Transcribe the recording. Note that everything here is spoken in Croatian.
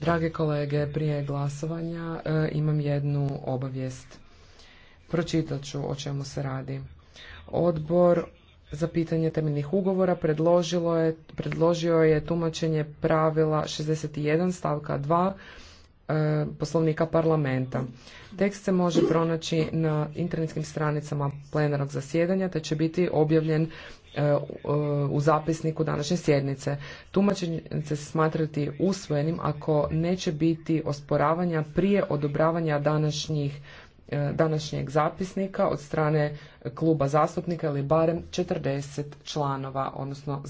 Drage kolege, prije glasovanja e, imam jednu obavijest. Pročitat ću o čemu se radi. Odbor za pitanje temeljnih ugovora predložio je tumačenje pravila 61 stavka 2 E, poslovnika parlamenta. Tekst se može pronaći na internetskim stranicama plenarnog zasjedanja te će biti objavljen e, e, u zapisniku današnje sjednice. Tumačenje će se smatrati usvojenim ako neće biti osporavanja prije odobravanja današnjih današnjeg zapisnika od strane kluba zastupnika ili barem 40 članova, odnosno